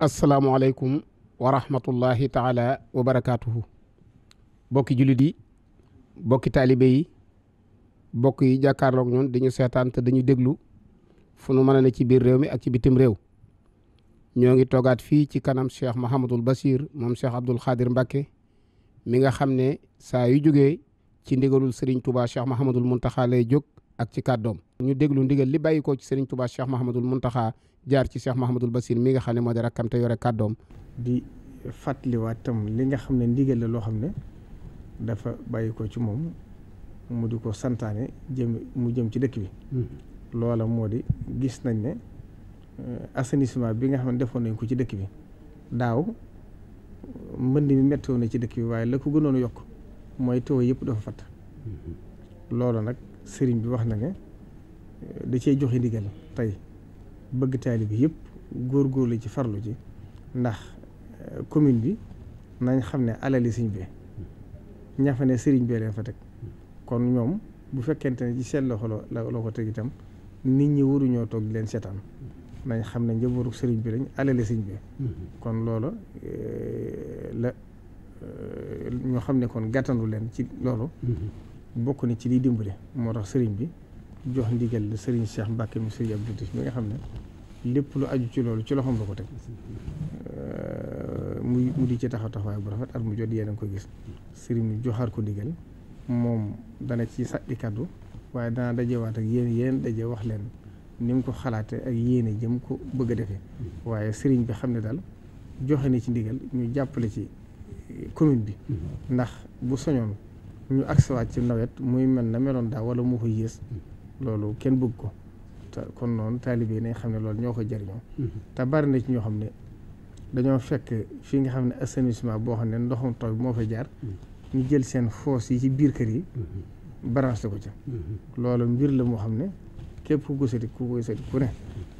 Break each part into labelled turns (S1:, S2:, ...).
S1: asalaamualeykum wa rahmatullahi taala wa barakaatuhu bokki jullit yi bokki taalibe yi bokk yi jàkkaarloog ñoon dañu seetaan te dañu déglu fu nu mën a ne ci biir réew mi ak ci bitim réew ñoo ngi toogaat fii ci kanam cheikh mahamadul basir moom cheikh abdul xaadir mbàkke mi nga xam ne saa yu jógee ci ndigalul sëriñ tubaa cheikh mahamadul muntaxa lay jóg ak ci kàddoom ñu déglu ndigal li bàyyi ko ci sëriñ tubaa cheikh mahamadul muntaxa jaar ci Cheikh Mahamadul Basir mi nga xam ne moo di rakkam
S2: te yore kàddoom di fàttaliwaat tam li nga xam ne ndigal la loo xam ne dafa bàyyi ko ci moom mu di ko santaane jëm mu jëm ci dëkk bi hmm. loola moo di gis nañ ne eh, assainissement bi nga xam ne defoon nañ ko ci dëkk bi daaw mbënd mi mettoon na ci dëkk bi waaye la ko gënoon yokk mooy taw yëpp dafa fatt hmm. loolu nag sëriñ bi wax na ne eh, da cee joxe ndigal tey bëgg taalibe yëpp góorgóorlu ci farlu ci ndax euh, commune bi nañ xam ne alali sëñ bi ña fa ne sëriñ bee leen fa teg kon ñoom bu fekkente ne ci seen loxo la la ko teg itam nit ñi waruñoo toog leen seetaan nañ xam ne njabootu sëriñ bi lañ alali sëñ bi mm-hmm. kon loolu euh, la euh, ñoo xam ne kon gàttandu leen ci loolu mm-hmm. bokk na ci liy dimbale moo tax sëriñ bi jox ndigal la Serigne Cheikh Mbacke mi Serigne Abdou Latif mi nga xam ne lépp lu aju ci loolu ci loxoom la ko teg euh, muy mu di ci taxaw taxawaay bu rafet at mu jot yéen a ngi koy gis Serigne bi joxaat ko ndigal moom dana ci sàddi kàddu waaye dana dajewaat ak yéen yéen daje wax leen ni mu ko xalaatee ak yéene jëm ko bëgg a defee waaye Serigne bi xam ne daal joxe na ci ndigal ñu jàppale ci commune bi mm-hmm. ndax bu soñoon ñu agsewaat ci nawet muy mel na meloon daal wala moo ko yées loolu kenn bëgg ko kon noonu taalibe yi nañ xam ne loolu ñoo ko jariñoo mm-hmm. te na ci ñoo xam ne dañoo fekk fii nga xam ne assainissement boo xam ne ndoxum taw bi moo fa jaar mm-hmm. ñu jël seen foos yi ci biir kër yi mm-hmm. branché ko ca loolu mbir la moo xam ne képp ku ku gisati ku ne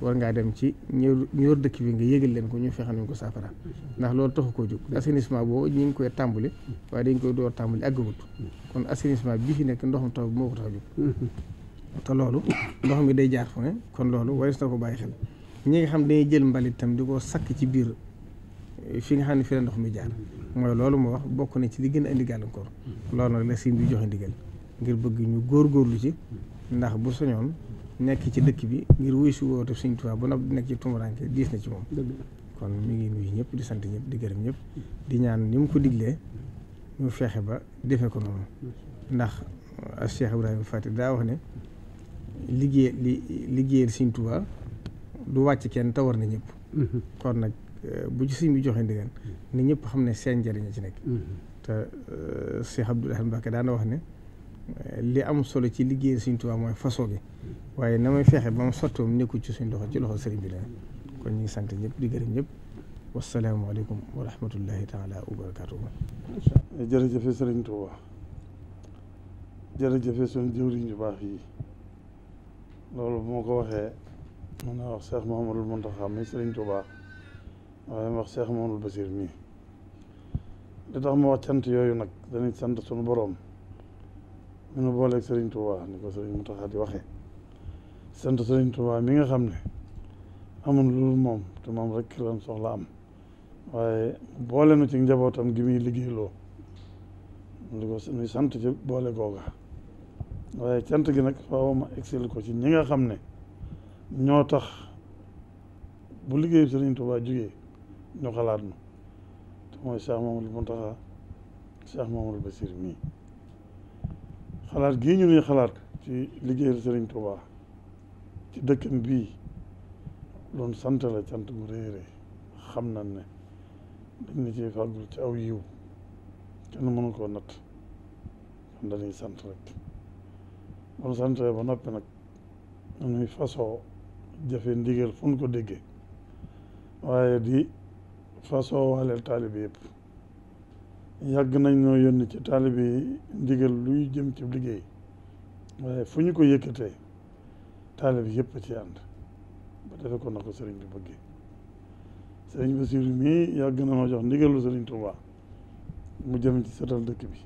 S2: war ngaa dem ci ñëw dëkk bi nga yëgal leen ko ñu fexe nañ ko saafara ndax loolu taxu koo jóg assainissement boobu ñu ngi koy tàmbali waaye dañ koy door tàmbali àggagut kon assainissement bii fi nekk ndoxum taw bi moo tax a te loolu ndox mi day jaar fu ne kon loolu waris na ko bàyyi xel ñi nga xam dañuy jël mbalit tam di ko sakk ci biir eh, fi nga xam ne fi la ndox mi jaar mooy loolu moo wax bokk na ci li gën a indi gàllankoor loolu nag la sëñ joxe ndigal ngir bëgg ñu góor góorgóorlu ci ndax bu soñoon nekk ci dëkk bi ngir wuy si woote Sëñ Tuubaa bu noppi nekk ci tumuraanke diis na ci moom kon mu ngi nuyu ñëpp di sant ñëpp di gërëm ñëpp di ñaan ni mu ko diglee ñu feexe ba defe ko noonu ndax eh, Cheikh Ibrahima Faty daa wax ne liggéey li liggéeyal Sëriñ Tuubaa du wàcc kenn te war na ñëpp mhm. kon nag euh, bu ci sëriñ bi joxe ndigal mhm. ni ñëpp xam ne seen njëriñ ci nekk mhm. te euh, Cheikh Abdoul Ahad Mbacké daana wax ne euh, li am solo ci liggéeyal Sëriñ Tuubaa mooy façon bi waaye na may fexe ba mu sottoom nekku ci suñ loxo ci loxo sëriñ bi la kon ñu ngi sant ñëpp di gërëm ñëpp wasalaamaaleykum wa rahmatullahi taala wa barakatuhu
S3: jërëjëfe sëriñ Tuubaa jërëjëfe suñu jëwriñ yu baax yi loolu bu ma ko waxee mën naa wax seex Cheikh Mouhamadul Mountakha mi Sëriñ Tuubaa waaye ma wax Cheikh Mouhamadul Basir mii li tax ma wax cant yooyu nag danañ sant sunu boroom mi nu Sëriñ Tuubaa ni ko Sëriñ Mountakha di waxee sant Sëriñ Tuubaa mi nga xam ne amul lu moom te moom rekk lan soxla am waaye boole nu ci njabootam gi muy liggéeyloo li ko nuy sant ci boole googa waaye cant gi nag faaw ma excel ko ci ñi nga xam ne ñoo tax bu liggéey Sëriñ Tuubaa jógee ñu xalaat ma te mooy Cheikh Mamadou Mountakha Cheikh Mamadou Bassir mii xalaat gii ñu nuy xalaat ci liggéeyal Sëriñ Tuubaa ci dëkkam bii loolu sant la cant gu xam nañ ne dañ na ci fàggul ci aw yiw kenn mënu koo natt kon dañuy sant rek boo santee ba noppi nag nuy fasoo jëfe ndigal fu ko déggee waaye di faso waaleel taalibe yëpp yàgg nañ noo yónni ci taalibe yi ndigal luy jëm ci liggéey waaye fu ko ko yëkkatee taalibe yëpp ci ànd ba defe ko na ko sëriñ bi bëggee sëriñ Basiru mii yàgg na noo jox ndigalu sëriñ Tuubaa mu jëm ci setal dëkk bi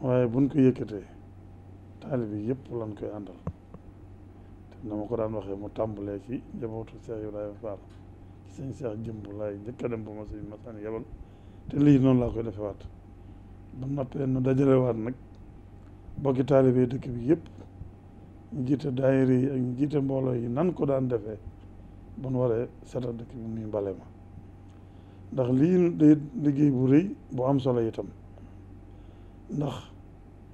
S3: waaye buñ ko yëkkatee taalibe yëpp lan koy àndal te na ma ko daan waxee mu tàmbalee ci njabootu Cheikh Ibrahima Fall ci sëñ Cheikh jëmb laay njëkk a dem ba ma sëñ Masane yebal te lii noonu laa koy defe waat ba noppee nu dajale waat nag bokki taalibe dëkk bi yépp ñu jiite daayira yi ak ñu jiite mbooloo yi nan ko daan defee ba nu waree setal dëkk bi muy mbale ma ndax lii day liggéey bu rëy bu am solo itam ndax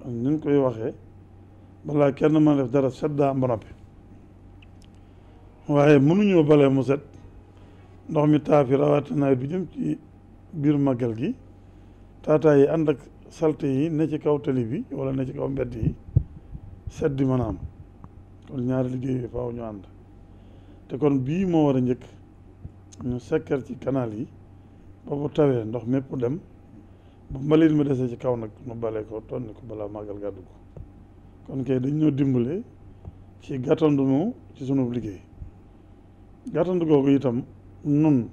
S3: ñu koy waxee balaa kenn mën a def dara set daa am waaye mënuñoo bale mu set ndox mi taa fi rawatina bi jëm ci biir màggal gi taataa yi ànd ak salte yi ne ci kaw tali bi wala ne ci kaw mbedd yi set di mën kon ñaari liggéey yi ñu ànd te kon bii moo war a njëkk ñu sekkar ci kanaal yi ba bu tawee ndox mépp dem bu mbalit mi desee ci kaw nag nu bale ko tonni ko balaa màggal gàddu ko kon kay dañ ñoo dimbale ci gàttandu ci sunu liggéey gàttandu googu itam nun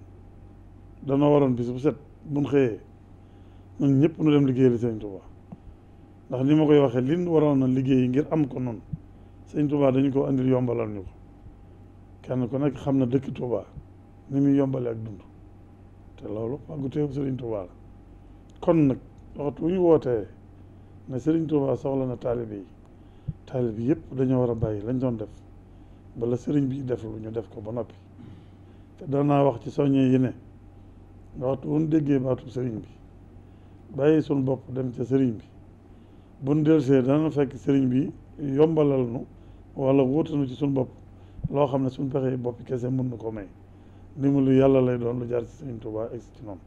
S3: dana waroon bis bu set buñ xëyee nun ñëpp nu dem liggéey li Sëriñ Tuubaa ndax ni ma koy waxee lin waroon na liggéey ngir am ko nun Sëriñ Tuubaa dañu ko andil yombalal ñu ko kenn ku nekk xam na dëkk Tuubaa ni muy yombale ak dund te loolu pàggu Sëriñ Tuubaa la kon nag waxtu wu ñu wootee ne Sëriñ Tuubaa soxla na taalibe yi taalib bi yëpp dañoo war a bàyyi lañ doon def bala sëriñ bi def lu ñu def ko ba noppi te danaa wax ci soññee yi ne waxtu wuñ déggee baatu sëriñ bi bàyyi suñ bopp dem ca sëriñ bi buñ delsee dana fekk sëriñ bi yombalal nu walla wóotanu ci suñ bopp loo xam ne suñ pexee bopp kese mun na ko may ni mu lu yàlla lay doon lu jaar ci sëriñ Tuubaa egsi ci noonu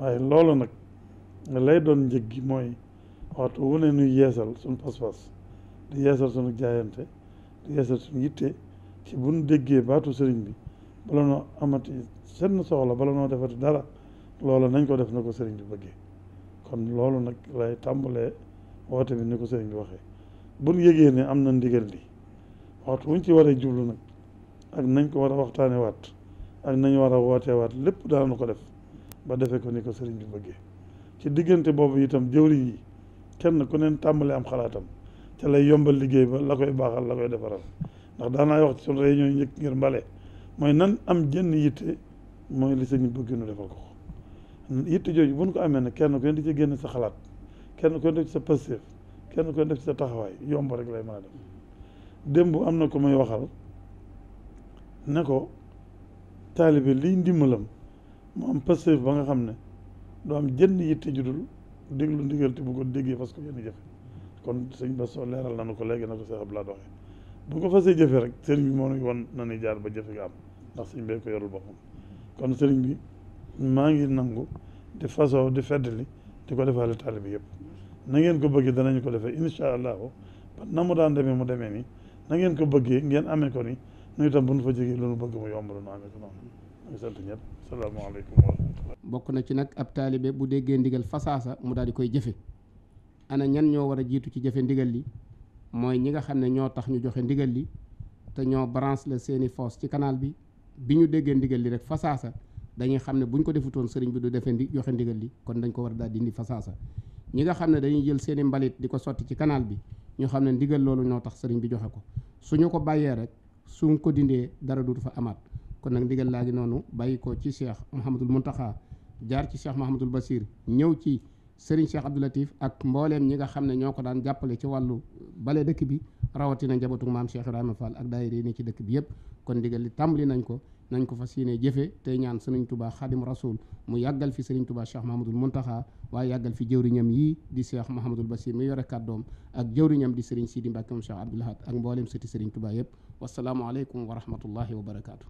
S3: waaye loolu nag lay doon njëg gi mooy waxtu wu ne nuy yeesal suñ pas-pas di yeesal sunu jaayante di yeesal sunu yitte ci bu nu déggee baatu sëriñ bi bala noo amati seen soxla bala noo defati dara loola nañ ko def na ko sëriñ bi bëggee kon loolu nag lay tàmbulee woote bi ni ko sëriñ bi waxee bu nu yégee ne am na ndigal li waxtu wuñ ci waree jublu nag ak nañ ko war a waxtaanee waat ak nañ war a wootee waat lépp daanu ko def ba defee ko ni ko sëriñ bi bëggee ci diggante boobu itam jëwriñ yi kenn ku neen tàmbalee am xalaatam ca lay yombal liggéey ba la koy baaxal la koy defaral ndax daanaay wax ci suñu réunion yi njëkk ngir mbale mooy nan am jenn yitte mooy li sëñ bëgg nu defal ko yitte jooju buñ ko amee nag kenn ku ne di ci génn sa xalaat kenn ku ne ci sa pastéef kenn ku def ci sa taxawaay yomb rek lay mën def démb am na ko muy waxal ne ko taalibe liy ndimbalam mu am pastéef ba nga xam ne doo am jenn yitte judul déglu ndigal te bu ko déggee fas ko yenn jëfe kon sëñ ba soo leeral nañu ko léegi na ko Seex laa Lahat waxee bu ko fasee jëfee rek sëriñ bi moo ñu won na ni jaar ba jëfe nga am ndax sëñ bee ko yorul boppam kon sëriñ bi maa ngi nangu di façon di feddali di ko defaale taalibe yëpp na ngeen ko bëggee danañ ko defee incha allahu na mu daan demee mu demee nii na ngeen ko bëggee ngeen amee ko ni nu itam bu nu fa jegee lu nu bëgg mu yomb lu nu amee ko noonu ngi sant ñëpp
S1: salaamaaleykum wa rahmatullah bokk na ci nag ab taalibe bu déggee ndigal fasaasa mu daal di koy jëfe ana ñan ñoo war a jiitu ci jëfe ndigal li mooy ñi nga xam ne ñoo tax ñu joxe ndigal li te ñoo branche la seeni force ci kanaal bi bi ñu déggee ndigal li rek fasaasa dañuy xam ne buñ ko defutoon sëriñ bi du defee joxe ndigal li kon dañ ko war a daal dindi fasaasa ñi nga xam ne dañuy jël seeni mbalit di ko sotti ci kanaal bi ñu xam ne ndigal loolu ñoo tax sëriñ bi joxe ko su ñu ko bàyyee rek suñ ko dindee dara duutu fa amaat kon nag ndigal laa ngi noonu bàyyi ko ci cheikh Mouhamadul Mountakha jaar ci cheikh Mouhamadul Basir ñëw ci Serigne Cheikh Abdou ak mbooleem ñi nga xam ne ñoo ko daan jàppale ci wàllu bale dëkk bi rawatina njabootu maam Cheikh Ibrahima Fall ak daayira yi ci dëkk bi yëpp kon ndigal li tàmbali nañ ko nañ ko fas yéene jëfe tey ñaan Serigne Touba Khadim Rasoul mu yàggal fi Serigne Touba Cheikh Mahamadul Muntaxa waa yàggal fi jëwriñam yii di Cheikh Mahamadul Basir mi yore kàddoom ak jëwriñam di Serigne sii Mbàkke moom Cheikh Abdoul Ahad ak mbooleem sëti Serigne Touba yëpp wasalaamualeykum wa rahmatullahi wa